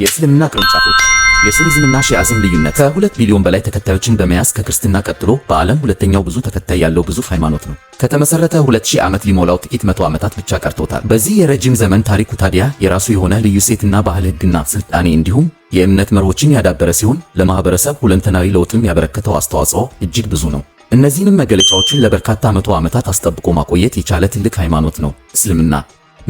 የእስልምና ቅርንጫፎች የሱኒዝምና ሺዓዝም ልዩነት ከሁለት ቢሊዮን በላይ ተከታዮችን በመያዝ ከክርስትና ቀጥሎ በዓለም ሁለተኛው ብዙ ተከታይ ያለው ግዙፍ ሃይማኖት ነው። ከተመሰረተ 2000 ዓመት ሊሞላው ጥቂት መቶ ዓመታት ብቻ ቀርቶታል። በዚህ የረጅም ዘመን ታሪኩ ታዲያ የራሱ የሆነ ልዩ ሴትና ባህል፣ ህግና ስልጣኔ እንዲሁም የእምነት መርሆችን ያዳበረ ሲሆን ለማህበረሰብ ሁለንተናዊ ለውጥም ያበረከተው አስተዋጽኦ እጅግ ብዙ ነው። እነዚህንም መገለጫዎችን ለበርካታ መቶ ዓመታት አስጠብቆ ማቆየት የቻለ ትልቅ ሃይማኖት ነው እስልምና።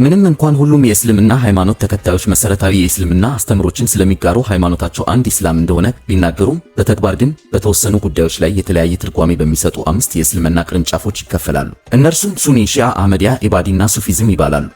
ምንም እንኳን ሁሉም የእስልምና ሃይማኖት ተከታዮች መሰረታዊ የእስልምና አስተምሮችን ስለሚጋሩ ሃይማኖታቸው አንድ ኢስላም እንደሆነ ቢናገሩም በተግባር ግን በተወሰኑ ጉዳዮች ላይ የተለያየ ትርጓሜ በሚሰጡ አምስት የእስልምና ቅርንጫፎች ይከፈላሉ። እነርሱም ሱኒ፣ ሺዓ፣ አህመዲያ፣ ኢባዲና ሱፊዝም ይባላሉ።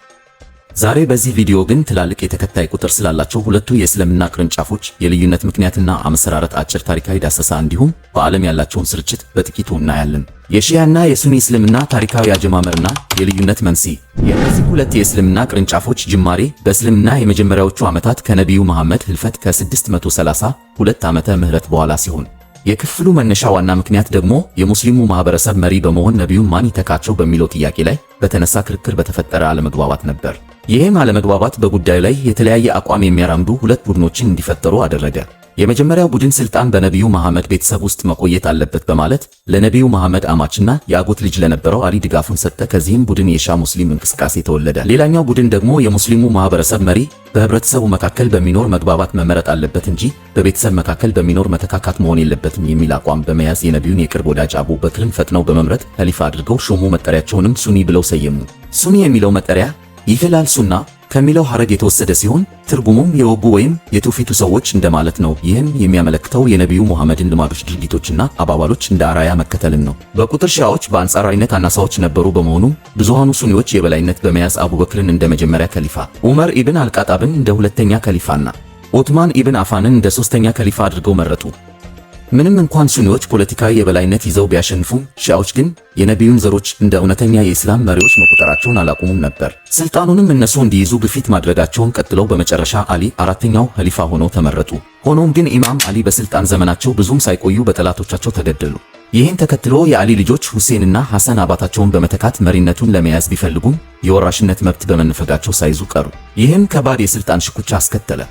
ዛሬ በዚህ ቪዲዮ ግን ትላልቅ የተከታይ ቁጥር ስላላቸው ሁለቱ የእስልምና ቅርንጫፎች የልዩነት ምክንያትና አመሰራረት አጭር ታሪካዊ ዳሰሳ እንዲሁም በዓለም ያላቸውን ስርጭት በጥቂቱ እናያለን። የሺያና የሱኒ እስልምና ታሪካዊ አጀማመርና የልዩነት መንስኤ። የእነዚህ ሁለት የእስልምና ቅርንጫፎች ጅማሬ በእስልምና የመጀመሪያዎቹ ዓመታት ከነቢዩ መሐመድ ህልፈት ከ632 ዓመተ ምህረት በኋላ ሲሆን የክፍሉ መነሻ ዋና ምክንያት ደግሞ የሙስሊሙ ማህበረሰብ መሪ በመሆን ነቢዩን ማን ይተካቸው በሚለው ጥያቄ ላይ በተነሳ ክርክር በተፈጠረ አለመግባባት ነበር። ይህም አለመግባባት በጉዳዩ ላይ የተለያየ አቋም የሚያራምዱ ሁለት ቡድኖችን እንዲፈጠሩ አደረገ። የመጀመሪያው ቡድን ስልጣን በነቢዩ መሐመድ ቤተሰብ ውስጥ መቆየት አለበት በማለት ለነቢዩ መሐመድ አማችና የአጎት ልጅ ለነበረው አሊ ድጋፉን ሰጠ። ከዚህም ቡድን የሻ ሙስሊም እንቅስቃሴ ተወለደ። ሌላኛው ቡድን ደግሞ የሙስሊሙ ማህበረሰብ መሪ በህብረተሰቡ መካከል በሚኖር መግባባት መመረጥ አለበት እንጂ በቤተሰብ መካከል በሚኖር መተካካት መሆን የለበትም የሚል አቋም በመያዝ የነቢዩን የቅርብ ወዳጅ አቡበክርን ፈጥነው በመምረጥ ከሊፋ አድርገው ሾሙ። መጠሪያቸውንም ሱኒ ብለው ሰየሙ። ሱኒ የሚለው መጠሪያ ይህ ሱና ከሚለው ሐረግ የተወሰደ ሲሆን ትርጉሙም የወጉ ወይም የትውፊቱ ሰዎች እንደማለት ነው። ይህም የሚያመለክተው የነቢዩ ሙሐመድን ልማዶች፣ ድርጊቶችና አባባሎች እንደ አራያ መከተልን ነው። በቁጥር ሺዓዎች በአንጻራዊነት አናሳዎች ነበሩ። በመሆኑም ብዙሃኑ ሱኒዎች የበላይነት በመያዝ አቡበክርን እንደ መጀመሪያ ከሊፋ፣ ዑመር ኢብን አልቃጣብን እንደ ሁለተኛ ከሊፋና ኦትማን ኢብን አፋንን እንደ ሦስተኛ ከሊፋ አድርገው መረጡ። ምንም እንኳን ሱኒዎች ፖለቲካዊ የበላይነት ይዘው ቢያሸንፉም ሺዓዎች ግን የነቢዩን ዘሮች እንደ እውነተኛ የእስላም መሪዎች መቆጠራቸውን አላቁሙም ነበር። ስልጣኑንም እነሱ እንዲይዙ ግፊት ማድረጋቸውን ቀጥለው በመጨረሻ አሊ አራተኛው ኸሊፋ ሆነው ተመረጡ። ሆኖም ግን ኢማም አሊ በስልጣን ዘመናቸው ብዙም ሳይቆዩ በጠላቶቻቸው ተገደሉ። ይህን ተከትሎ የአሊ ልጆች ሁሴንና ሐሰን አባታቸውን በመተካት መሪነቱን ለመያዝ ቢፈልጉም የወራሽነት መብት በመነፈጋቸው ሳይዙ ቀሩ። ይህም ከባድ የስልጣን ሽኩቻ አስከተለ።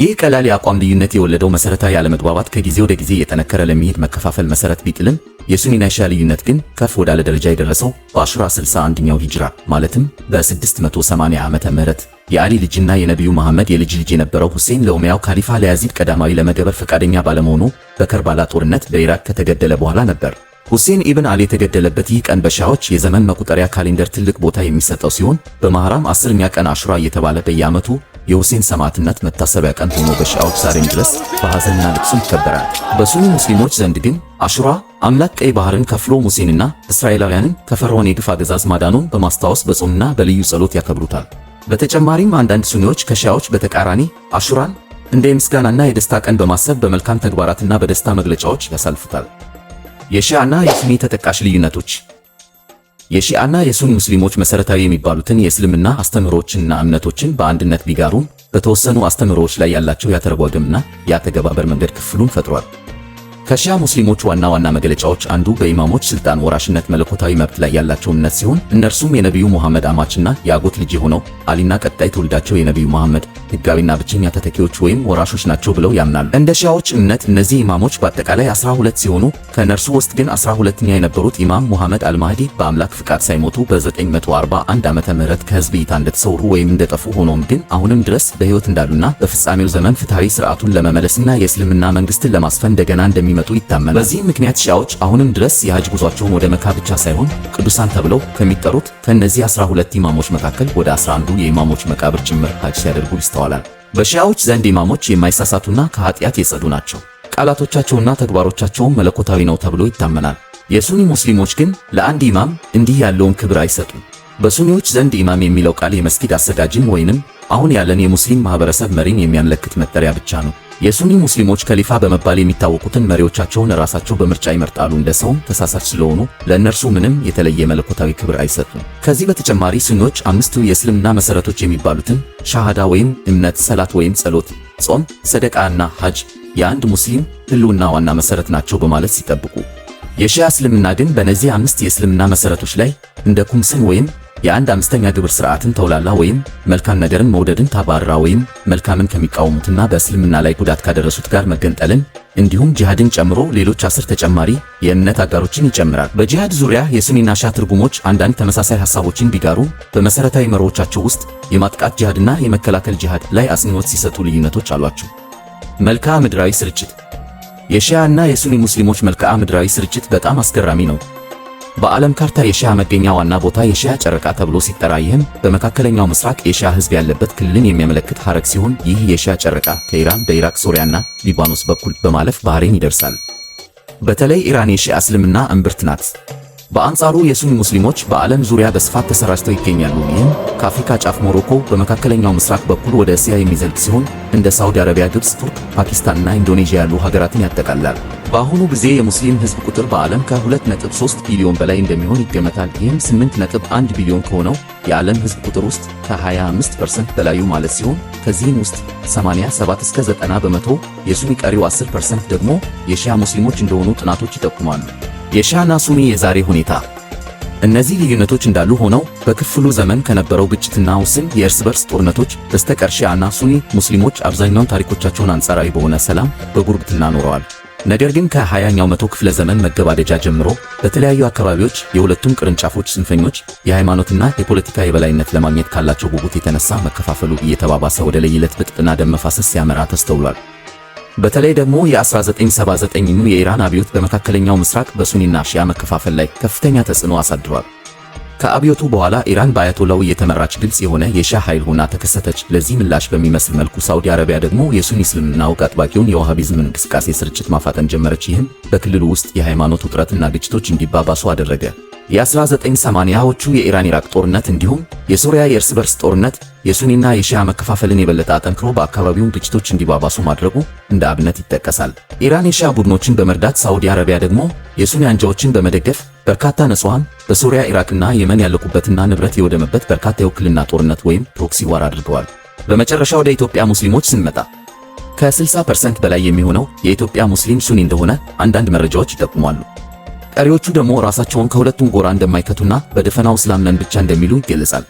ይህ ቀላል የአቋም ልዩነት የወለደው መሰረታዊ ያለመግባባት ከጊዜ ወደ ጊዜ እየጠነከረ ለሚሄድ መከፋፈል መሰረት ቢጥልም የሱኒና ሺዓ ልዩነት ግን ከፍ ወዳለ ደረጃ የደረሰው በ1061ኛው ሂጅራ ማለትም በ680 ዓመተ ምህረት የአሊ ልጅና የነቢዩ መሐመድ የልጅ ልጅ የነበረው ሁሴን ለኡመያው ካሊፋ ለያዚድ ቀዳማዊ ለመገበር ፈቃደኛ ባለመሆኑ በከርባላ ጦርነት በኢራቅ ከተገደለ በኋላ ነበር። ሁሴን ኢብን አሊ የተገደለበት ይህ ቀን በሻዎች የዘመን መቁጠሪያ ካሌንደር ትልቅ ቦታ የሚሰጠው ሲሆን በመሐራም ኛ ቀን አሽራ እየተባለ በየዓመቱ የሁሴን ሰማዕትነት መታሰቢያ ቀን ሆኖ በሺዓዎች ዛሬም ድረስ በሐዘንና ልቅሶ ይከበራል። በሱኒ ሙስሊሞች ዘንድ ግን አሹራ አምላክ ቀይ ባህርን ከፍሎ ሙሴንና እስራኤላውያንን ከፈርዖን የግፍ አገዛዝ ማዳኑን በማስታወስ በጾምና በልዩ ጸሎት ያከብሩታል። በተጨማሪም አንዳንድ ሱኒዎች ከሺዓዎች በተቃራኒ አሹራን እንደ የምስጋናና የደስታ ቀን በማሰብ በመልካም ተግባራትና በደስታ መግለጫዎች ያሳልፉታል። የሺዓና የሱኒ ተጠቃሽ ልዩነቶች የሺአና የሱን ሙስሊሞች መሰረታዊ የሚባሉትን የእስልምና አስተምህሮችንና እምነቶችን በአንድነት ቢጋሩም በተወሰኑ አስተምህሮዎች ላይ ያላቸው ያተረጓገምና የአተገባበር መንገድ ክፍሉን ፈጥሯል። ከሺያ ሙስሊሞች ዋና ዋና መገለጫዎች አንዱ በኢማሞች ስልጣን ወራሽነት መለኮታዊ መብት ላይ ያላቸው እምነት ሲሆን እነርሱም የነቢዩ መሐመድ አማችና የአጎት ልጅ የሆነው አሊና ቀጣይ ትውልዳቸው የነቢዩ መሐመድ ህጋዊና ብቸኛ ተተኪዎች ወይም ወራሾች ናቸው ብለው ያምናሉ። እንደ ሺያዎች እምነት እነዚህ ኢማሞች በአጠቃላይ 12 ሲሆኑ ከእነርሱ ውስጥ ግን 12ኛ የነበሩት ኢማም ሙሐመድ አልማህዲ በአምላክ ፍቃድ ሳይሞቱ በ941 ዓመተ ምህረት ከህዝብ እይታ እንደተሰውሩ ወይም እንደጠፉ ሆኖም ግን አሁንም ድረስ በህይወት እንዳሉና በፍጻሜው ዘመን ፍትሐዊ ስርዓቱን ለመመለስና የእስልምና መንግስትን ለማስፈን እንደገና እንደሚ እንደሚመጡ ይታመናል። በዚህም ምክንያት ሺዓዎች አሁንም ድረስ የሐጅ ጉዟቸውን ወደ መካ ብቻ ሳይሆን ቅዱሳን ተብለው ከሚጠሩት ከእነዚህ 12 ኢማሞች መካከል ወደ 11ዱ የኢማሞች መቃብር ጭምር ሐጅ ሲያደርጉ ይስተዋላል። በሺዓዎች ዘንድ ኢማሞች የማይሳሳቱና ከኃጢአት የጸዱ ናቸው። ቃላቶቻቸውና ተግባሮቻቸውም መለኮታዊ ነው ተብሎ ይታመናል። የሱኒ ሙስሊሞች ግን ለአንድ ኢማም እንዲህ ያለውን ክብር አይሰጡም። በሱኒዎች ዘንድ ኢማም የሚለው ቃል የመስጊድ አሰጋጅን ወይንም አሁን ያለን የሙስሊም ማህበረሰብ መሪን የሚያመለክት መጠሪያ ብቻ ነው። የሱኒ ሙስሊሞች ከሊፋ በመባል የሚታወቁትን መሪዎቻቸውን ራሳቸው በምርጫ ይመርጣሉ። እንደ ሰውም ተሳሳች ስለሆኑ ለእነርሱ ምንም የተለየ መለኮታዊ ክብር አይሰጡም። ከዚህ በተጨማሪ ሱኒዎች አምስቱ የእስልምና መሠረቶች የሚባሉትን ሻሃዳ ወይም እምነት፣ ሰላት ወይም ጸሎት፣ ጾም፣ ሰደቃ እና ሐጅ የአንድ ሙስሊም ህልውና ዋና መሠረት ናቸው በማለት ሲጠብቁ የሺያ እስልምና ግን በእነዚህ አምስት የእስልምና መሠረቶች ላይ እንደ ኩምስን ወይም የአንድ አምስተኛ ግብር ስርዓትን ተውላላ ወይም መልካም ነገርን መውደድን ታባራ ወይም መልካምን ከሚቃወሙትና በእስልምና ላይ ጉዳት ካደረሱት ጋር መገንጠልን እንዲሁም ጂሃድን ጨምሮ ሌሎች አስር ተጨማሪ የእምነት አጋሮችን ይጨምራል። በጂሃድ ዙሪያ የሱኒና ሻ ትርጉሞች አንዳንድ ተመሳሳይ ሐሳቦችን ቢጋሩ በመሰረታዊ መርሆቻቸው ውስጥ የማጥቃት ጂሃድና የመከላከል ጂሃድ ላይ አጽንዖት ሲሰጡ ልዩነቶች አሏቸው። መልክዓ ምድራዊ ስርጭት የሺያ እና የሱኒ ሙስሊሞች መልክዓ ምድራዊ ስርጭት በጣም አስገራሚ ነው። በዓለም ካርታ የሺያ መገኛ ዋና ቦታ የሺያ ጨረቃ ተብሎ ሲጠራ ይህም በመካከለኛው ምስራቅ የሺያ ህዝብ ያለበት ክልልን የሚያመለክት ሐረግ ሲሆን ይህ የሺያ ጨረቃ ከኢራን በኢራቅ ሶሪያና ሊባኖስ በኩል በማለፍ ባህሬን ይደርሳል። በተለይ ኢራን የሺያ እስልምና እምብርት ናት። በአንጻሩ የሱኒ ሙስሊሞች በዓለም ዙሪያ በስፋት ተሰራጭተው ይገኛሉ። ይህም ከአፍሪካ ጫፍ ሞሮኮ በመካከለኛው ምስራቅ በኩል ወደ እስያ የሚዘልቅ ሲሆን እንደ ሳውዲ አረቢያ፣ ግብፅ፣ ቱርክ፣ ፓኪስታንና ኢንዶኔዥያ ያሉ ሀገራትን ያጠቃልላል። በአሁኑ ጊዜ የሙስሊም ህዝብ ቁጥር በዓለም ከ2.3 ቢሊዮን በላይ እንደሚሆን ይገመታል። ይህም 8.1 ቢሊዮን ከሆነው የዓለም ህዝብ ቁጥር ውስጥ ከ25% በላዩ ማለት ሲሆን ከዚህም ውስጥ 87 እስከ 90 በመቶ የሱኒ ቀሪው 10% ደግሞ የሺያ ሙስሊሞች እንደሆኑ ጥናቶች ይጠቁማሉ። የሻና ሱኒ የዛሬ ሁኔታ እነዚህ ልዩነቶች እንዳሉ ሆነው በክፍሉ ዘመን ከነበረው ግጭትና ውስን የእርስ በርስ ጦርነቶች በስተቀር ሺዓና ሱኒ ሙስሊሞች አብዛኛውን ታሪኮቻቸውን አንጻራዊ በሆነ ሰላም በጉርብትና ኖረዋል። ነገር ግን ከ20ኛው መቶ ክፍለ ዘመን መገባደጃ ጀምሮ በተለያዩ አካባቢዎች የሁለቱም ቅርንጫፎች ጽንፈኞች የሃይማኖትና የፖለቲካ የበላይነት ለማግኘት ካላቸው ጉጉት የተነሳ መከፋፈሉ እየተባባሰ ወደ ለይለት ብጥብጥና ደም መፋሰስ ሲያመራ ተስተውሏል። በተለይ ደግሞ የ 1979 የኢራን አብዮት በመካከለኛው ምስራቅ በሱኒና ሺያ መከፋፈል ላይ ከፍተኛ ተጽዕኖ አሳድሯል። ከአብዮቱ በኋላ ኢራን በአያቶላው እየተመራች ግልጽ የሆነ የሻ ኃይል ሆና ተከሰተች። ለዚህ ምላሽ በሚመስል መልኩ ሳውዲ አረቢያ ደግሞ የሱኒ እስልምና ወግ አጥባቂውን የዋሃቢዝም እንቅስቃሴ ስርጭት ማፋጠን ጀመረች። ይህም በክልሉ ውስጥ የሃይማኖት ውጥረትና ግጭቶች እንዲባባሱ አደረገ። የ1980ዎቹ የኢራን ኢራቅ ጦርነት እንዲሁም የሶሪያ የእርስ በርስ ጦርነት የሱኒና የሺያ መከፋፈልን የበለጠ አጠንክሮ በአካባቢውን ግጭቶች እንዲባባሱ ማድረጉ እንደ አብነት ይጠቀሳል። ኢራን የሺያ ቡድኖችን በመርዳት ሳዑዲ አረቢያ ደግሞ የሱኒ አንጃዎችን በመደገፍ በርካታ ንጹሃን በሶሪያ ኢራቅና የመን ያለቁበትና ንብረት የወደመበት በርካታ የውክልና ጦርነት ወይም ፕሮክሲ ዋር አድርገዋል። በመጨረሻ ወደ ኢትዮጵያ ሙስሊሞች ስንመጣ ከ60 በላይ የሚሆነው የኢትዮጵያ ሙስሊም ሱኒ እንደሆነ አንዳንድ መረጃዎች ይጠቁማሉ። ቀሪዎቹ ደግሞ ራሳቸውን ከሁለቱም ጎራ እንደማይከቱና በደፈናው እስላም ነን ብቻ እንደሚሉ ይገለጻል።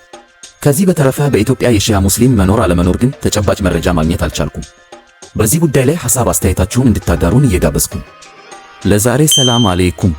ከዚህ በተረፈ በኢትዮጵያ የሺያ ሙስሊም መኖር አለመኖር ግን ተጨባጭ መረጃ ማግኘት አልቻልኩም። በዚህ ጉዳይ ላይ ሐሳብ አስተያየታችሁን እንድታጋሩን እየጋበዝኩ ለዛሬ ሰላም አለይኩም።